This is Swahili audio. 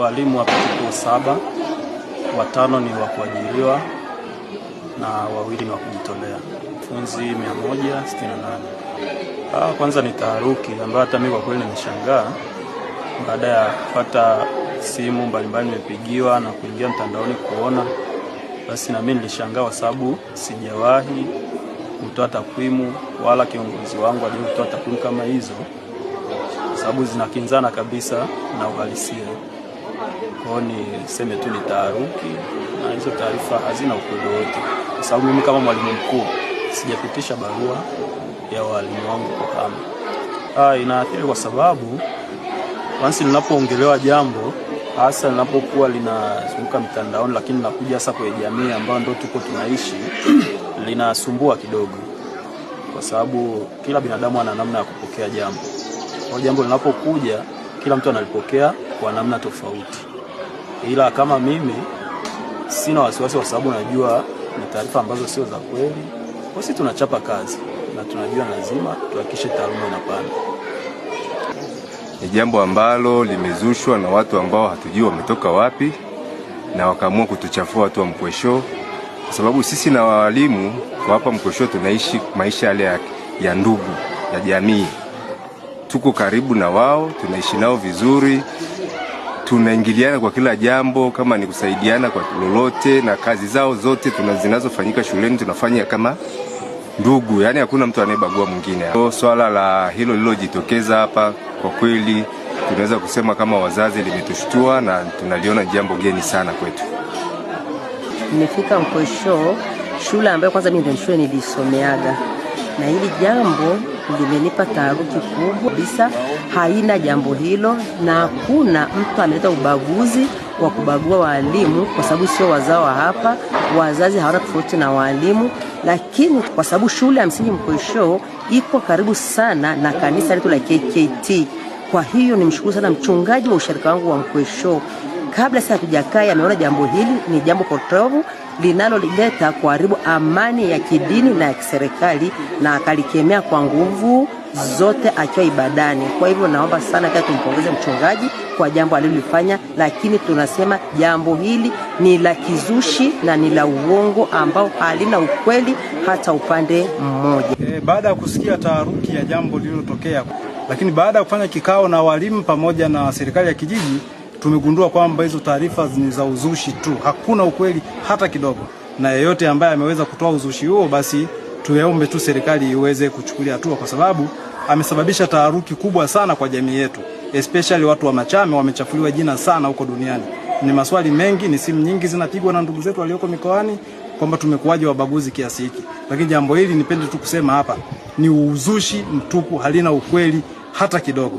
walimu wa vituo saba, watano ni wa kuajiriwa na wawili ni wa kujitolea, funzi 168. Ah, kwanza ni taharuki ambayo hata mimi kwa kweli nimeshangaa baada ya kupata simu mbalimbali nimepigiwa na kuingia mtandaoni kuona, basi na mimi nilishangaa kwa sababu sijawahi kutoa takwimu wala kiongozi wangu kutoa takwimu kama hizo, sababu zinakinzana kabisa na uhalisia. Kwao seme tu ni taharuki, na hizo taarifa hazina ukweli wote kwa sababu mimi kama mwalimu mkuu sijapitisha barua ya walimu wangu kwa kama ah, inaathiri kwa sababu wansi linapoongelewa jambo hasa linapokuwa linazunguka mtandaoni, lakini linakuja hasa kwenye jamii ambayo ndio tuko tunaishi linasumbua kidogo, kwa sababu kila binadamu ana namna ya kupokea jambo. Kwa jambo linapokuja, kila mtu analipokea kwa namna tofauti, ila kama mimi sina wasiwasi, kwa sababu najua ni taarifa ambazo sio za kweli. Kwa sisi tunachapa kazi na tunajua lazima tuhakikishe taaluma inapanda. Ni jambo ambalo limezushwa na watu ambao hatujui wametoka wapi na wakaamua kutuchafua watu wa Mkwesho, kwa sababu sisi na walimu kwa hapa Mkwesho tunaishi maisha yale ya, ya ndugu ya jamii. Tuko karibu na wao, tunaishi nao vizuri, tunaingiliana kwa kila jambo, kama ni kusaidiana kwa lolote, na kazi zao zote zinazofanyika shuleni tunafanya kama ndugu, yaani hakuna mtu anayebagua mwingine. So, swala la hilo lililojitokeza hapa kwa kweli tunaweza kusema kama wazazi limetushtua na tunaliona jambo geni sana kwetu. Nimefika Mkwesho, shule ambayo kwanza mimi ndio shule nilisomeaga, na hili jambo limenipa taaruki kubwa kabisa. Haina jambo hilo, na hakuna mtu ameleta ubaguzi wa kubagua waalimu kwa sababu sio wazao wa hapa. Wazazi hawana tofauti na waalimu, lakini kwa sababu shule ya msingi Mkoisho iko karibu sana na kanisa letu la KKT. Kwa hiyo nimshukuru sana mchungaji wa ushirika wangu wa Mkoisho kabla sasa tujakaa, yameona jambo hili ni jambo potovu linaloleta kuharibu amani ya kidini na ya kiserikali, na akalikemea kwa nguvu zote akiwa ibadani. Kwa hivyo naomba sana pia tumpongeze mchungaji kwa jambo alilolifanya, lakini tunasema jambo hili ni la kizushi na ni la uongo ambao halina ukweli hata upande mmoja. E, baada ya kusikia taharuki ya jambo lililotokea, lakini baada ya kufanya kikao na walimu pamoja na serikali ya kijiji tumegundua kwamba hizo taarifa ni za uzushi tu, hakuna ukweli hata kidogo, na yeyote ambaye ameweza kutoa uzushi huo, basi tuyaombe tu serikali iweze kuchukulia hatua, kwa sababu amesababisha taharuki kubwa sana kwa jamii yetu, especially watu wa Machame wamechafuliwa jina sana huko duniani. Ni maswali mengi, ni simu nyingi zinapigwa na ndugu zetu walioko mikoani kwamba tumekuwaje wabaguzi kiasi hiki, lakini jambo hili nipende tu kusema hapa ni uzushi mtupu, halina ukweli hata kidogo.